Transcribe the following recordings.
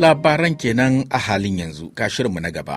Labaran kenan a halin yanzu kashirmu na gaba.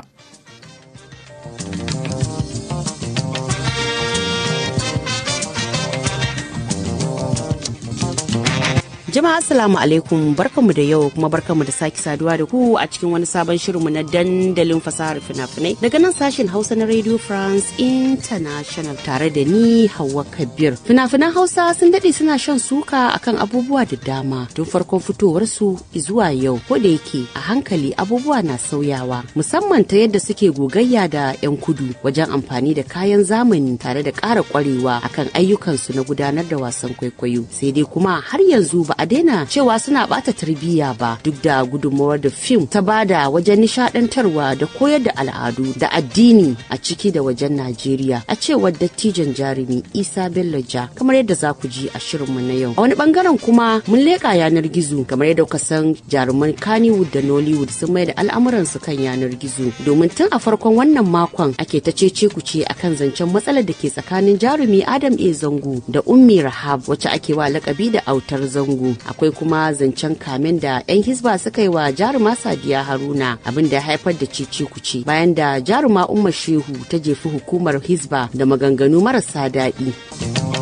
Jama'a Assalamu alaikum barkanmu da yau kuma barkanmu da sake saduwa da ku a cikin wani sabon shirin mu na dandalin fasahar fina-finai daga nan sashen Hausa na Radio France International tare da ni Hauwa Kabir. Fina-finan Hausa sun dade suna shan suka akan abubuwa da dama tun farkon fitowar su zuwa yau ko da yake a hankali abubuwa na sauyawa musamman ta yadda suke gogayya da 'yan kudu wajen amfani da kayan zamani tare da ƙara ƙwarewa akan ayyukansu na gudanar da wasan kwaikwayo sai dai kuma har yanzu ba a daina cewa suna bata tarbiyya ba duk da gudunmawar da fim ta bada wajen nishadantarwa da koyar da al'adu da addini a ciki da wajen Najeriya a cewar dattijan jarumi Isa Bello kamar yadda za ku ji a shirinmu na yau. A wani bangaren kuma mun leka yanar gizo kamar yadda kuka san jaruman Kannywood da Nollywood sun mai da al'amuran su kan yanar gizo domin tun a farkon wannan makon ake ta cece ku ce akan zancen matsalar da ke tsakanin jarumi Adam A Zango da Ummi Rahab wacce ake wa lakabi da autar Zango. akwai kuma zancen kamen da 'yan hisba suka yi wa jaruma sadiya haruna abin da haifar da cici kuce bayan da jaruma Umar shehu ta jefi hukumar hisba da maganganu marasa daɗi.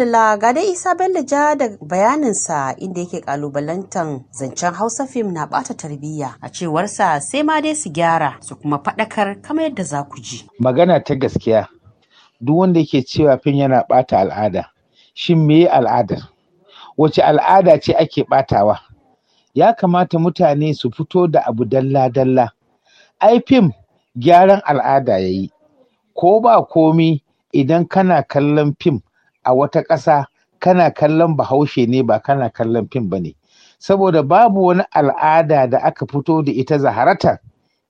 madalla ga dai isa bello ja da bayanin sa inda yake kalubalantan zancen hausa fim na bata tarbiyya a cewarsa sai ma dai su gyara su kuma faɗakar kamar yadda za ku ji magana ta gaskiya duk wanda yake cewa fim yana bata al'ada shin meye al'adar wace al'ada ce ake batawa ya kamata mutane su fito da abu dalla-dalla ai fim gyaran al'ada yayi ko ba komi idan kana kallon fim a wata ƙasa kana kallon bahaushe ne ba kana kallon fim ba ne saboda babu wani al'ada da aka fito da ita zaharatar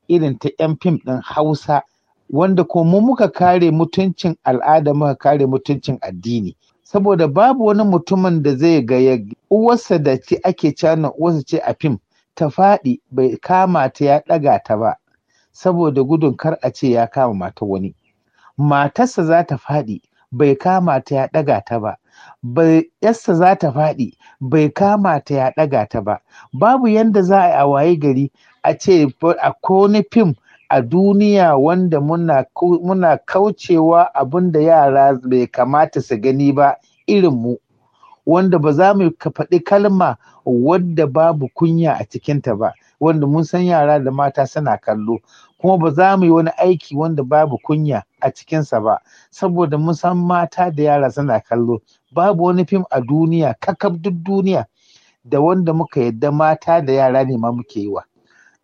irin ta 'yan fim ɗin hausa wanda kuma muka kare mutuncin al'ada muka kare mutuncin addini saboda babu wani mutumin da zai ga uwarsa da ce ake cana uwarsa ce a fim ta faɗi bai kama ta ya ɗaga ta ba saboda gudun kar a ce ya kama mata wani matarsa za ta faɗi bai kama ta ya ɗaga ta ba bai yasta za ta faɗi bai kama ta ya ɗaga ta ba babu yadda za a yi waye gari a ce a kone fim a duniya wanda muna, muna kaucewa abin da yara bai kamata su gani ba irin mu wanda ba za mu faɗi kalma wadda babu kunya a cikinta ba wanda mun san yara da mata suna kallo kuma ba za mu yi wani aiki wanda babu kunya a cikinsa ba saboda mun san mata da yara suna kallo babu wani fim a duniya kakab duk duniya da wanda muka yadda mata da yara ne ma muke yi wa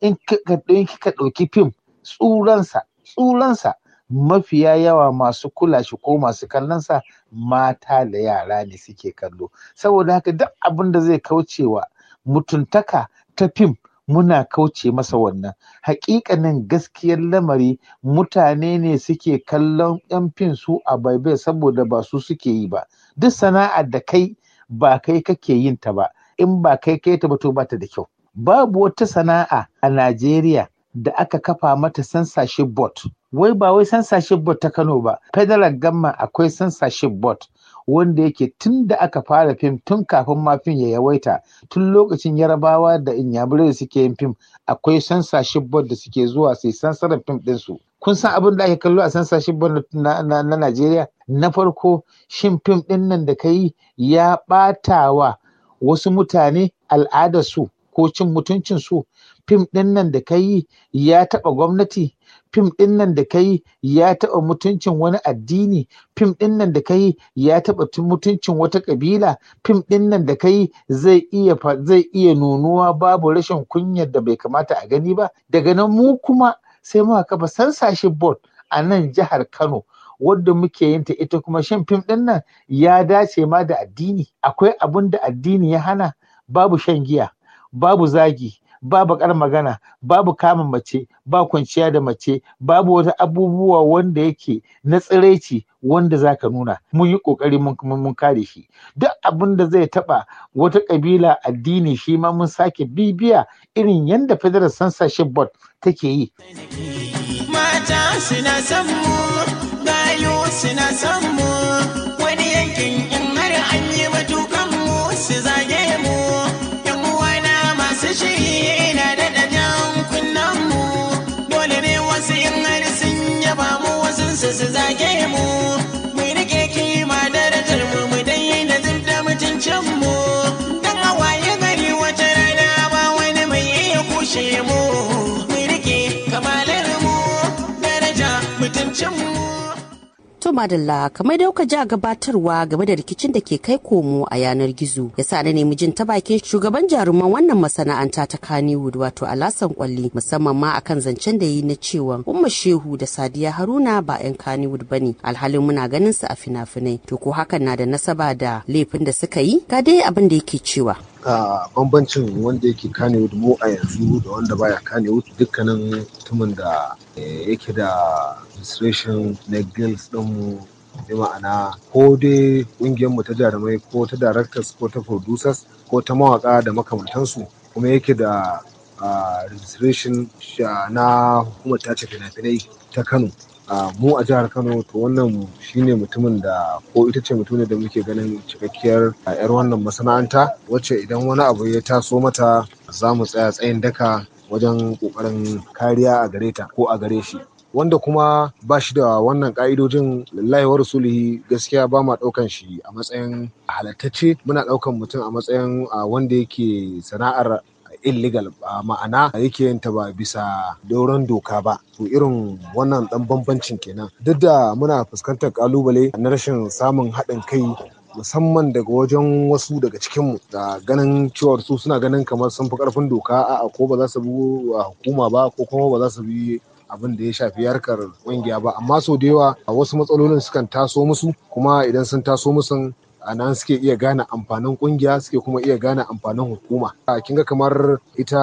in kika ɗauki fim tsuransa tsuransa mafiya yawa masu kula shi ko masu kallonsa mata da yara ne suke kallo saboda haka duk abin da zai kaucewa mutuntaka ta fim muna kauce masa wannan hakikanin gaskiyar lamari mutane ne suke kallon yan fin su a baibai saboda ba su suke yi ba duk sana'a da kai ba kai kake yin ta ba in ba kai kai ta ba to bata da kyau babu wata sana'a a Najeriya da aka kafa mata censorship board wai ba wai censorship board ta Kano ba federal gamma akwai censorship board wanda yake tun da aka fara fim tun kafin ma fim ya yawaita tun lokacin yarabawa da inyamurai suke yin fim akwai sansa board da suke zuwa sai sansarar fim ɗinsu kun san abin da ake kallo a sansa board na, Najeriya na farko shin fim din nan da ka yi ya wa wasu mutane al'adarsu ko cin mutuncinsu fim din nan da ka yi ya taɓa gwamnati fim ɗin nan da kai ya taɓa mutuncin wani addini fim ɗin nan da kai ya taɓa mutuncin wata ƙabila fim ɗin nan da kai zai iya zai iya nunuwa babu rashin kunyar da bai kamata a gani ba daga nan mu kuma sai muka kafa censorship board a nan jihar Kano wadda muke yin ta ita kuma shin fim ɗin nan ya dace ma da addini akwai abin da addini ya hana babu shan giya babu zagi ba bakar magana babu kama mace ba kwanciya da mace babu wata abubuwa wanda yake na tsiraici wanda za ka nuna mun yi kokari mun kare shi duk abin da zai taɓa wata kabila addini shi ma mun sake bibiya irin yadda federal censorship board take yi mata suna mu wani yankin in har an yi matukan mu su zage zage mu mu rike kima darajar mu mu daina zinta mutuncin mu dan hawaye gari wata rana ba wani mai iya kushe mu mu rike kamalar mu daraja mutuncin mu To madalla kamar da ja ji gabatarwa game da rikicin da ke kai komo a yanar gizo ya sa na nemi jin ta bakin shugaban jaruman wannan masana'anta ta kaniwood wato Alasan Kwalli musamman ma akan zancen da yi na cewa Umma Shehu da Sadiya Haruna ba 'yan ba ne alhalin muna ganin su a fina-finai to ko hakan na da nasaba da laifin da suka yi ga dai abin da yake cewa. a bambancin wanda yake kanewood mu a yanzu da wanda baya kanewood dukkanin mutumin da eh, yake da registration na girls mu ya ma'ana ko dai mu ta jarumai ko ta directors ko ta producers ko ta mawaka da makamantansu kuma yake da ah, registration ah, na hukumar tace fina-finai ta kano mu a jihar kano to wannan shine mutumin da ko ita ce mutumin da muke ganin cikakkiyar yar wannan masana'anta wacce idan wani abu ya taso mata za mu tsaya tsayin daka wajen ƙoƙarin kariya a gare ta ko a gare shi wanda kuma ba shi da wannan ƙa'idojin lillahi wa rasulihi gaskiya ba ma ɗaukan shi a matsayin halattacce muna ɗaukan mutum a matsayin wanda yake sana'ar illegal ma'ana yake yin ta ba bisa doron doka ba to irin wannan dan bambancin kenan duk da muna fuskantar kalubale na rashin samun haɗin kai musamman daga wajen wasu daga cikinmu da ganin cewar su suna ganin kamar sun fi karfin doka a ko ba za su bi uh, hukuma ba ko kuma ba za su bi abin da ya shafi harkar kungiya ba amma sau da yawa wasu matsalolin sukan taso musu kuma idan sun taso musu a nan suke iya gane amfanin kungiya suke kuma iya gane amfanin hukuma a kinga kamar ita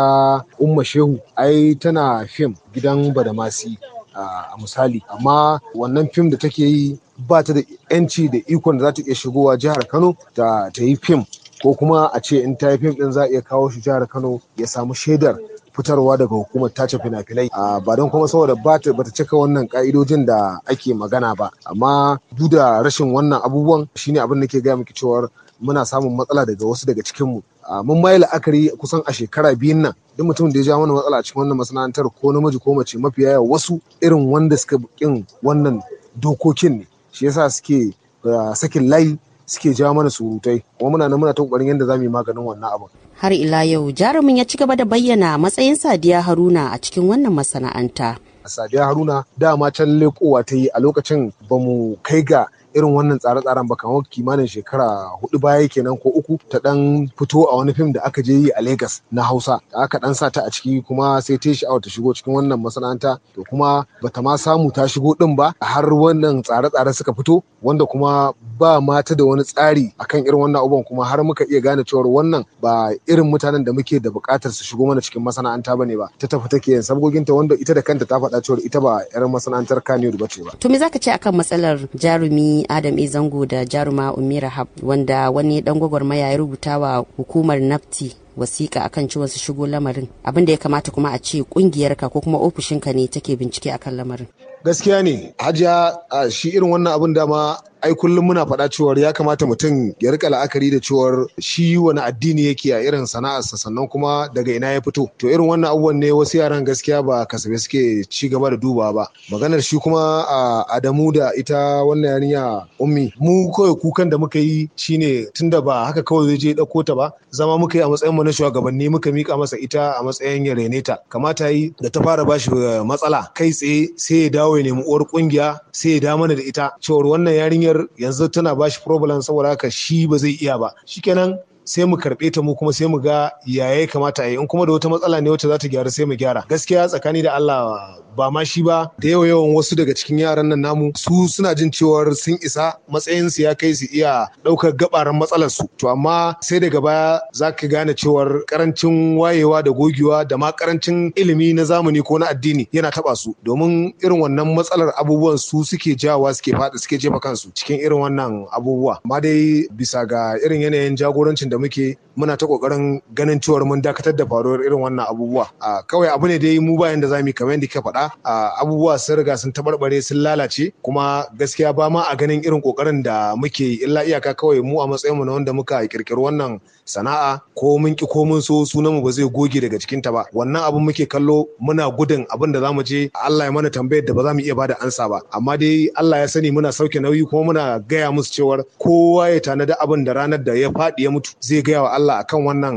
umma shehu ai tana fim gidan badamasi a misali amma wannan fim da take yi ba ta da yanci da ikon da za ta iya shigowa jihar kano ta yi fim ko kuma a ce in ta yi fim din za a iya kawo shi jihar kano ya samu shaidar fitarwa daga hukumar tace fina-finai ah, ba don kuma saboda bata ta cika wannan ka'idojin da ake magana ba amma duk da rashin wannan abubuwan shine abin da ke gaya miki cewar muna samun matsala daga wasu daga cikin cikinmu ah, mun mai la'akari kusan a shekara biyun nan duk mutum da ya ja mana matsala a cikin wannan masana'antar ko namiji ko mace mafiya yawa wasu irin wanda suka kin wannan dokokin ne shi yasa suke ah, sakin layi suke ja mana surutai kuma muna nan muna ta kokarin yadda za mu yi maganin wannan abin har ila yau jarumin ya ci gaba da bayyana matsayin sadiya haruna a cikin wannan masana'anta sadiya haruna dama can lekowa ta yi a lokacin ba mu kai ga irin wannan tsare-tsaren ba kamar kimanin shekara hudu baya kenan ko uku ta dan fito a wani fim da aka je yi a Legas na Hausa da aka dan sa ta a ciki kuma sai ta shi ta shigo cikin wannan masana'anta to kuma bata ma samu ta shigo din ba har wannan tsare-tsare suka fito wanda kuma ba mata da wani tsari akan irin wannan abubuwan kuma har muka iya gane cewar wannan ba irin mutanen da muke da bukatar su shigo mana cikin masana'anta bane ba ta tafi take yin sabgoginta wanda ita da kanta ta faɗa cewar ita ba 'yar masana'antar Kannywood ba ce ba. To me zaka ce akan matsalar jarumi adam e zango da jaruma umira hab wanda wani dan gwagwarmaya ya rubuta wa hukumar nafti wasiƙa akan ciwon su shigo lamarin abin da ya kamata kuma a ce kungiyarka ko kuma ofishinka ne take bincike akan lamarin gaskiya ne hajiya shi irin wannan abin dama ai kullum muna faɗa cewar ya kamata mutum ya rika la'akari da cewar shi wani addini yake a irin sana'arsa sannan kuma daga ina ya fito to irin wannan abubuwan ne wasu yaran gaskiya ba kasabe suke ci gaba da duba ba maganar shi kuma a adamu da ita wannan yarinya ummi mu kawai kukan da muka yi shine tunda ba haka kawai zai je ɗauko ta ba zama muka yi a matsayin mu na shugabanni muka mika masa ita a matsayin ya rene ta kamata yi da ta fara bashi eh, matsala kai tsaye sai ya dawo ya nemi uwar kungiya sai ya da mana da ita cewar wannan yarinyar kungiyar yanzu tana bashi problem saboda haka shi ba zai iya ba shikenan sai mu karɓe ta mu kuma sai mu ga yaya kamata a yi in kuma da wata matsala ne wacce za ta gyaru sai mu gyara gaskiya tsakani da Allah ba ma shi ba da yawa yawan wasu daga cikin yaran nan namu su suna jin cewar sun isa matsayin su ya kai su iya ɗaukar gabaran matsalar su to amma sai daga baya za ka gane cewar karancin wayewa da gogewa da ma karancin ilimi na zamani ko na addini yana taba su domin irin wannan matsalar abubuwan su suke jawa suke fada suke jefa kansu cikin irin wannan abubuwa amma dai bisa ga irin yanayin jagorancin da muke muna ta kokarin ganin cewar mun dakatar da faruwar irin wannan abubuwa kawai abu ne dai mu bayan da zamu kamar yadda kika faɗa A abubuwa sun riga sun tabarbare sun lalace kuma gaskiya ba ma a ganin irin kokarin da muke yi illa iyaka kawai mu a matsayin mu na wanda muka kirkiri wannan sana'a ko mun ki ko mun so sunan mu ba zai goge daga cikin ta ba wannan abin muke kallo muna gudun abin da zamu je Allah ya mana tambayar da ba za mu iya bada ansa ba amma dai Allah ya sani muna sauke nauyi kuma muna gaya musu cewar kowa ya tanada abin da ranar da ya faɗi ya mutu zai gaya wa Allah akan wannan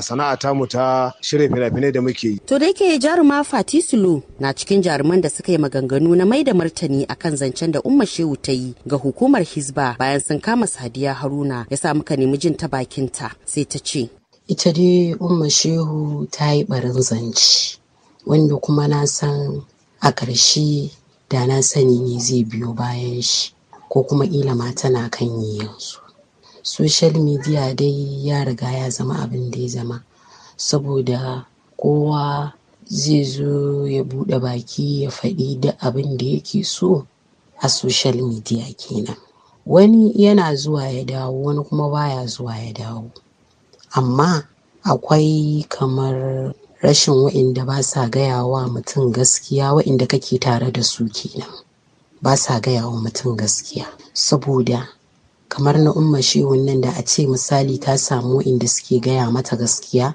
sana'a tamu ta shirya fina-finai da muke yi to da ke jaruma fatisulu na cikin jaruman da suka yi maganganu na mai da martani kan zancen da umma shehu ta yi ga hukumar Hisba, bayan sun kama sadiya haruna ya sa muka nemi jin ta bakinta sai ta ce ita dai umma shehu ta yi barin zance wanda kuma na san a ƙarshe da na sani ne zai biyo bayan shi ko kuma ƙila ma tana kan yi yanzu social media dai ya riga ya zama abin da ya zama saboda kowa zai zo ya buɗe baki ya faɗi da abin da yake so a social media kenan wani yana zuwa ya dawo wani kuma baya zuwa ya dawo amma akwai kamar rashin wa'inda ba sa gaya wa mutum gaskiya wa'inda kake tare da su kenan ba sa gaya wa mutum gaskiya saboda kamar na umma shehun nan da a ce misali ta samu wa'inda suke gaya mata gaskiya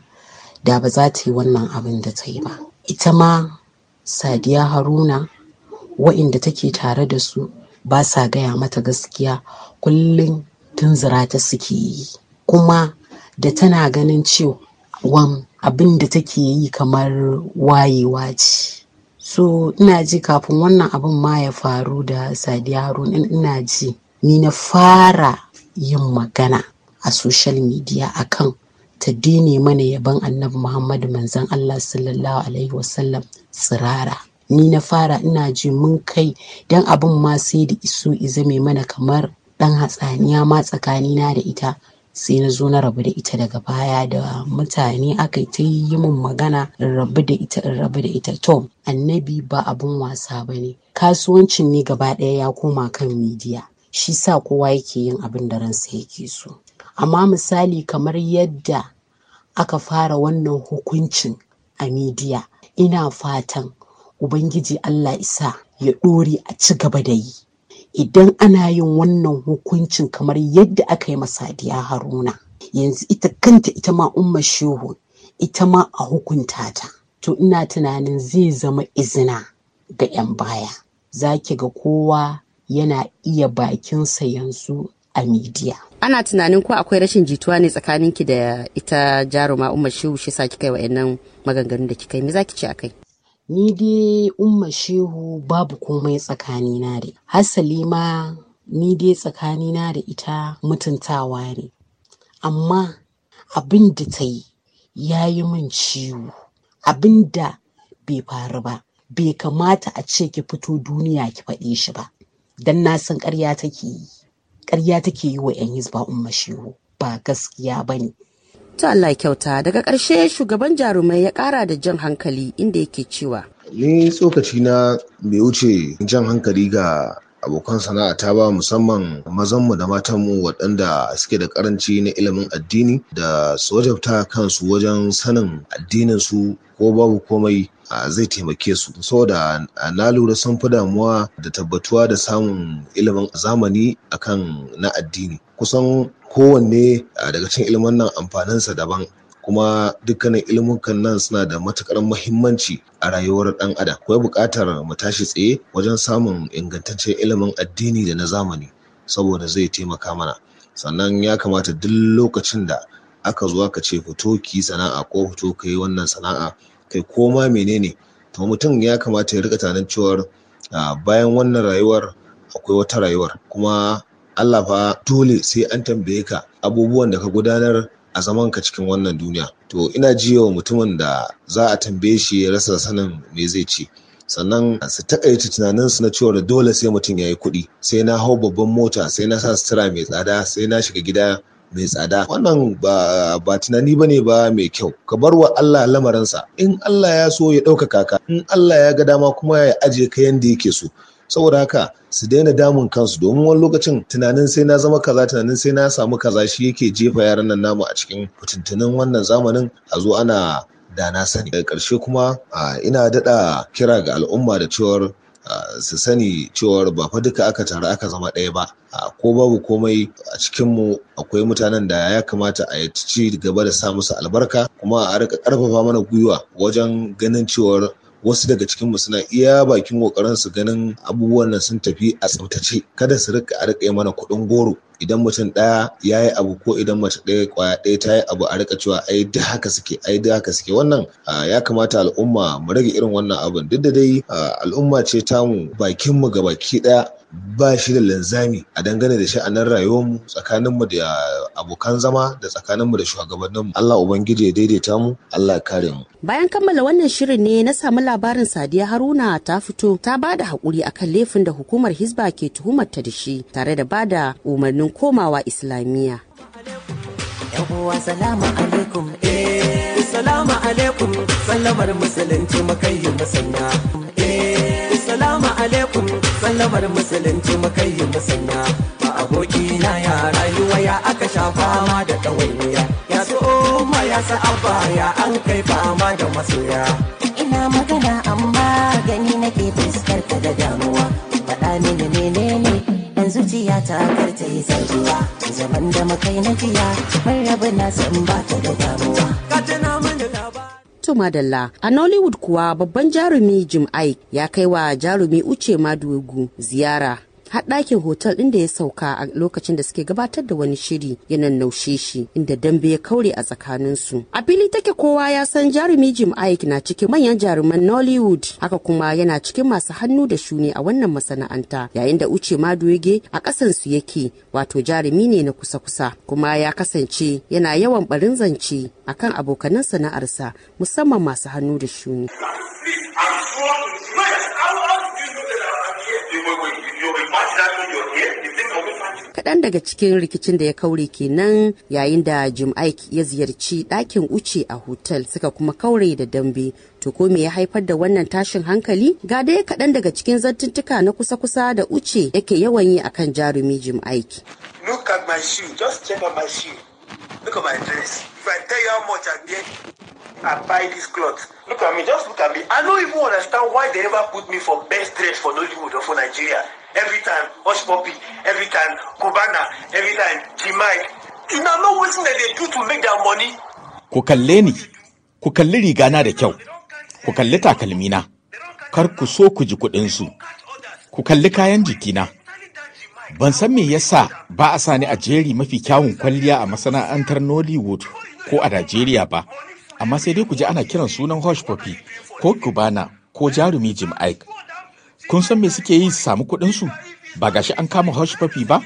da ba za ta yi wannan abin da ta yi ba ita ma sadiya haruna wa'inda take tare da su ba sa gaya mata gaskiya kullum tunzura ta suke yi kuma da tana ganin cewa abin da take yi kamar wayewa ce so ina ji kafin wannan abin ma ya faru da sadiya haruna ina ji ni na fara yin magana a social media akan ta dine mana yaban annabi muhammadu manzan allah sallallahu alaihi wasallam tsirara ni na fara ina ji mun kai dan abin ma sai da iso izame mana kamar dan hatsaniya ma tsakanina da ita sai na zo na rabu da ita daga baya da mutane aka ta yi min magana in rabu da ita in rabu da ita to annabi ba abun wasa ba ne kasuwancin ne gaba ɗaya ya koma kan midiya shi sa kowa yake yin abin da ransa yake so amma misali kamar yadda aka fara wannan hukuncin a midiya ina fatan ubangiji allah isa ya ɗore a ci gaba da yi idan ana yin wannan hukuncin kamar yadda aka yi masadiya haruna yanzu ita kanta ita ma umma shehu ita ma a hukunta ta to ina tunanin zai zama izina ga 'yan baya za ki ga kowa yana iya bakinsa yanzu a midiya. Ana tunanin ko akwai rashin jituwa ne tsakanin ki da ita jaruma umar Shehu shi sa kika yi wa'annan maganganun da kika yi me zaki ce akai? Ni dai umar Shehu babu komai tsakanina da hasali ma ni dai tsakani na da ita mutuntawa ne amma abin da ta yi ya yi min ciwo abin da bai faru ba bai kamata a ce ki fito duniya ki faɗe shi ba don na san ƙarya take yi ƙarya take yi wa 'yan hizba umma shehu ba gaskiya ba ne. Ta Allah kyauta daga ƙarshe shugaban jarumai ya ƙara da jan hankali inda yake cewa. Ni tsokaci na bai wuce jan hankali ga abokan sana'a ta ba musamman mazanmu da matanmu waɗanda suke da karanci na ilimin addini da su wajabta kansu wajen sanin addinin su ko babu komai zai taimake su saboda na lura sun fi damuwa da tabbatuwa da samun ilimin zamani akan na addini kusan kowanne daga cikin ilimin nan amfanin sa daban kuma dukkanin ilimukan nan suna da matukar muhimmanci a rayuwar ɗan adam akwai buƙatar mu tashi tsaye wajen samun ingantaccen ilimin addini da na zamani saboda zai taimaka mana sannan ya kamata duk lokacin da aka zo aka ce fito ki sana'a ko fito ka yi wannan sana'a kai ko ma menene to mutum ya kamata ya rika tunanin cewa bayan wannan rayuwar akwai wata rayuwar kuma Allah fa dole sai an tambaye ka abubuwan da ka gudanar a zaman ka cikin wannan duniya to ina wa mutumin da za a tambaye shi ya rasa sanin me zai ce sannan su takaita tunanin su na cewa dole sai mutum ya yi kuɗi sai na hau babban mota sai na sa sutura mai tsada sai na shiga gida mai tsada wannan ba, ba tunani ba ne ba mai kyau ka bar wa Allah lamarinsa in Allah ya so ya ɗaukaka ka in Allah ya ga dama kuma ya ajiye ka yanda yake so saboda haka su daina damun kansu domin wani lokacin tunanin sai na zama kaza tunanin sai na samu kaza shi yake jefa yaran nan namu a cikin fitintunin wannan zamanin a zo ana da na sani daga karshe kuma ina daɗa kira ga al'umma da cewar su sani cewar ba fa duka aka taru aka zama ɗaya ba ko babu komai a cikin mu akwai mutanen da ya kamata a yi ci gaba da sa musu albarka kuma a rika ƙarfafa mana gwiwa wajen ganin cewar wasu daga cikin mu suna iya bakin kokarin su ganin abubuwan nan sun tafi a tsaftace kada su rika a rika mana kuɗin goro idan mutum ɗaya ya yi abu ko idan mace ɗaya kwaya ɗaya ta yi abu a rika cewa ai da haka suke ai da haka suke wannan ya kamata al'umma mu rage irin wannan abin duk da dai al'umma ce tamu bakin mu ga baki ɗaya ba shi da linzami a dangane da sha'anin rayuwarmu tsakaninmu da abokan zama da tsakaninmu da shugabanninmu Allah ubangiji ya daidaita mu Allah ya kare mu bayan kammala wannan shirin ne na samu labarin Sadiya Haruna ta fito ta ba da hakuri akan laifin da hukumar Hizba ke tuhumar ta da shi tare da ba da umarnin komawa Islamiyya yawwa salamu alaikum eh salamu alaikum sallamar musulunci mukayyim masanya eh, salamu alaikum sallamar musulunci mukai yi musanya ba aboki na ya rayuwa ya aka sha fama da ɗawainiya ya so ma ya Abba! ya an kai fama da masoya ina magana amma gani nake fuskarta da damuwa faɗa mini menene yan zuciya ta karta yi zargiya zaman da makai na jiya rabu na san ba ta da damuwa ka tana mini labar To Madalla a Nollywood kuwa babban jarumi Jim Ike ya kai wa jarumi Uche Madugu ziyara har ɗakin hotel ɗin da ya sauka a lokacin da suke gabatar da wani shiri ya naushe shi inda dambe ya kaure a tsakaninsu a fili take kowa ya san jarumi jim aik na cikin manyan jaruman nollywood haka kuma yana cikin masu hannu da shuni a wannan masana'anta yayin da uce ma doge a ƙasansu yake wato jarumi ne na kusa-kusa kuma ya kasance yana yawan barin zance akan abokanan sana'arsa musamman masu hannu da shuni Kaɗan daga cikin rikicin da ya kaure kenan yayin da Jim ya ziyarci ɗakin uce a hotel suka kuma kaure da dambe. To ko me ya haifar da wannan tashin hankali? Ga dai kaɗan daga cikin zantuntuka na kusa-kusa da uce yake yawan yi akan jarumi Jim Look at my shoe, just check out my shoe. Look at my dress. If I tell you how much I get, I buy this cloth. Look at me, just look at me. I don't even understand why they ever put me for best dress for Nollywood or for Nigeria. every time hush puppy every time kubana every time jimai ina know wetin dem dey do to make their money. ku kalle ni ku kalli rigana da kyau ku kalli takalmina kar ku so ku ji su ku kalli kayan jikina ban san me yasa ba a sani a jeri mafi kyawun kwalliya a masana'antar nollywood ko a najeriya ba amma sai dai ku ji ana kiran sunan hush puppy ko kubana ko jarumi jim ike kun san me suke yi su samu kuɗinsu ba gashi an kama hush puppy ba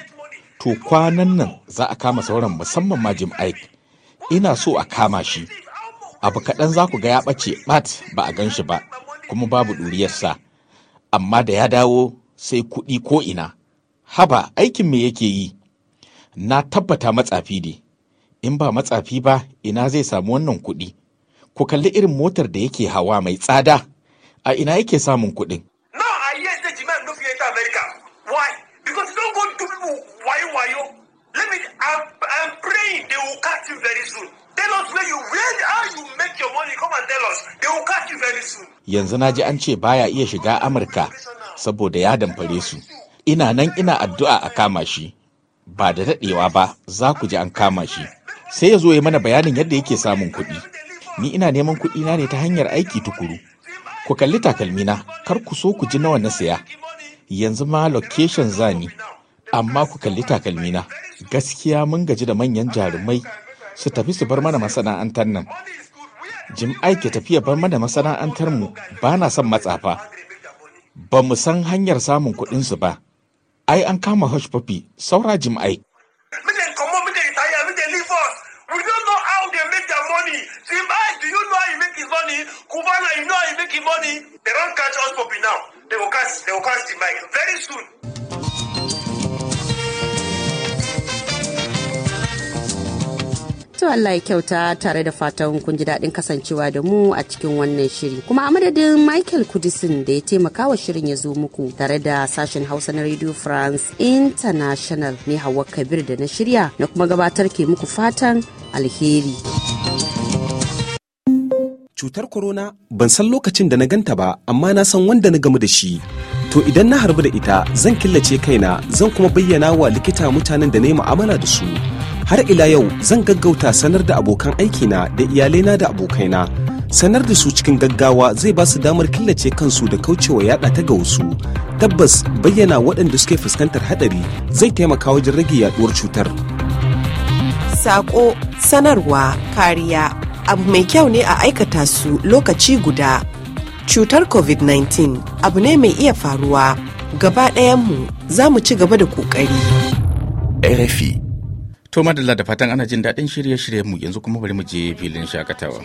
to kwanan nan za a kama sauran musamman ma jim ike ina so a kama shi abu kaɗan za ku ga ya ɓace bat ba a gan shi ba kuma babu ɗuriyarsa amma da ya dawo sai kuɗi ko ina haba aikin me yake yi na tabbata matsafi ne in ba matsafi ba ina zai samu wannan kuɗi ku kalli irin motar da yake hawa mai tsada a ina yake samun kuɗin I'm, praying they will catch you very soon. Tell us where you, where, how you make your money. Come and tell us. They will catch you very soon. Yanzu na ji an ce baya iya shiga Amurka saboda ya damfare su. Ina nan ina addu'a a kama shi. Ba da daɗewa ba za ku ji an kama shi. Sai ya zo ya mana bayanin yadda yake samun kuɗi. Ni ina neman kuɗi na ne ta hanyar aiki tukuru. Ku kalli takalmina, kar ku so ku ji nawa na saya. Yanzu ma location zani, amma ku kalli takalmina. gaskiya mun gaji da manyan jarumai su tafi su bar mana masana'antar nan jim ke tafiya bar mana masana'antar mu ba na son matsafa ba mu san hanyar samun kuɗin su ba ai an kama hush puppy saura jim aike Cubana, you know how you make money. They don't catch us Poppy, now. They will catch, they will catch the mic very soon. To Allah ya kyauta tare da fatan kun ji daɗin kasancewa da mu a cikin wannan shiri. Kuma a madadin Michael Kudisin da ya taimaka wa shirin ya zo muku tare da sashen Hausa na Radio France International ne Hauwa Kabir da na shirya na kuma gabatar ke muku fatan alheri. Cutar corona ban san lokacin da na ganta ba amma na san wanda na gamu da shi. to idan na harbu da ita zan killace kaina zan kuma bayyana wa likita mutanen da na yi mu'amala da su har ila yau zan gaggauta sanar da abokan aikina da iyalaina da abokaina sanar da su cikin gaggawa zai ba su damar killace kansu da kaucewa yada ta ga wasu tabbas bayyana waɗanda suke fuskantar hadari zai taimaka wajen rage yaduwar cutar sako sanarwa kariya abu mai kyau ne a aikata su lokaci guda cutar covid-19 abu ne mai iya faruwa gaba ɗayanmu za mu ci gaba da ƙoƙari. RFI To madalla da fatan ana jin daɗin shirye-shiryen mu yanzu kuma bari mu je filin shakatawa.